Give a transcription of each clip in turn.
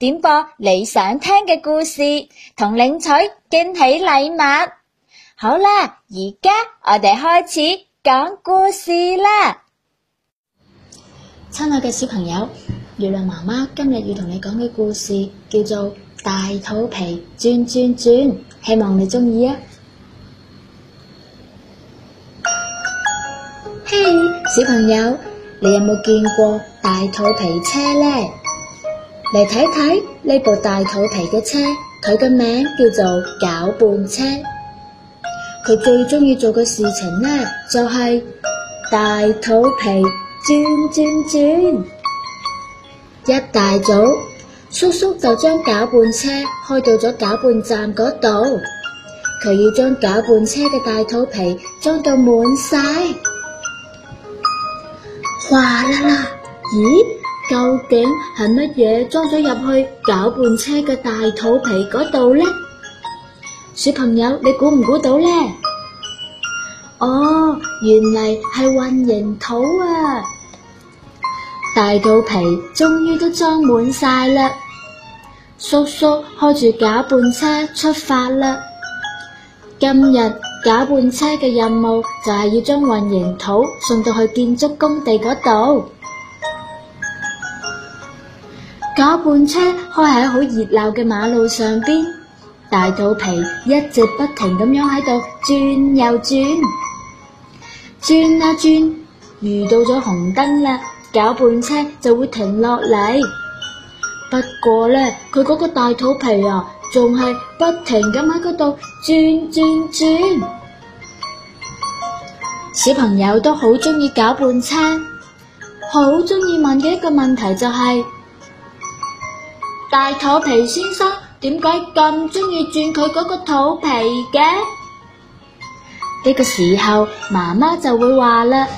點播你想聽嘅故事，同領取驚喜禮物。好啦，而家我哋開始講故事啦。親愛嘅小朋友，月亮媽媽今日要同你講嘅故事叫做《大肚皮轉轉轉》，希望你中意啊！嘿，小朋友，你有冇見過大肚皮車呢？嚟睇睇呢部大肚皮嘅車，佢嘅名叫做攪拌車。佢最中意做嘅事情呢，就係大肚皮轉轉轉。一大早，叔叔就將攪拌車開到咗攪拌站嗰度，佢要將攪拌車嘅大肚皮裝到滿晒。嘩啦啦，咦？究竟係乜嘢裝咗入去攪拌車嘅大肚皮嗰度呢？小朋友，你估唔估到呢？哦，原嚟係混凝土啊！大肚皮終於都裝滿晒啦，叔叔開住攪拌車出發啦！今日攪拌車嘅任務就係要將混凝土送到去建築工地嗰度。攪拌車開喺好熱鬧嘅馬路上邊，大肚皮一直不停咁樣喺度轉又轉，轉啊轉，遇到咗紅燈啦，攪拌車就會停落嚟。不過呢，佢嗰個大肚皮啊，仲係不停咁喺嗰度轉轉轉。小朋友都好中意攪拌車，好中意問嘅一個問題就係、是。大肚皮先生點解咁中意轉佢嗰個肚皮嘅？呢個時候，媽媽就會話啦，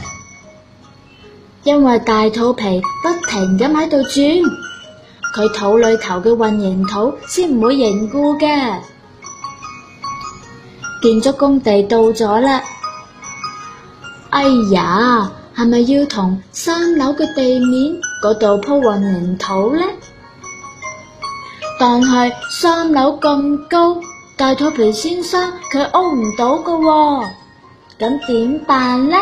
因為大肚皮不停咁喺度轉，佢肚裏頭嘅混凝土先唔會凝固嘅。建築工地到咗啦，哎呀，係咪要同三樓嘅地面嗰度鋪混凝土呢？但係三樓咁高，大肚皮先生佢夠唔到噶，咁點、哦嗯、辦呢？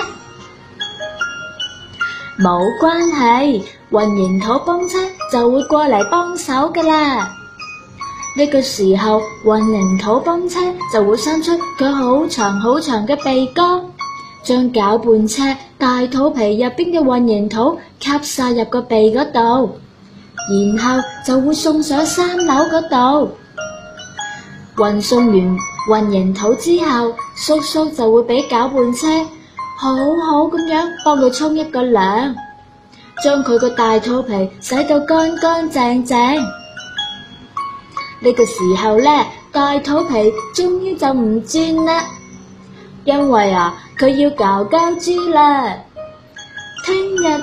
冇關係，混凝土泵車就會過嚟幫手噶啦。呢、這個時候，混凝土泵車就會伸出佢好長好長嘅鼻哥，將攪拌車大肚皮入邊嘅混凝土吸晒入個鼻嗰度。然後就會送上三樓嗰度，運送完混凝土之後，叔叔就會俾攪拌車好好咁樣幫佢沖一個涼，將佢個大肚皮洗到乾乾淨淨。呢個時候呢，大肚皮終於就唔轉啦，因為啊，佢要搞膠豬啦，聽日。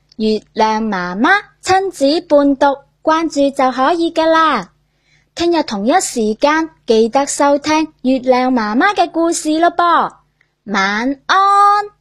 月亮媽媽親子伴讀，關注就可以噶啦。聽日同一時間記得收聽月亮媽媽嘅故事咯噃。晚安。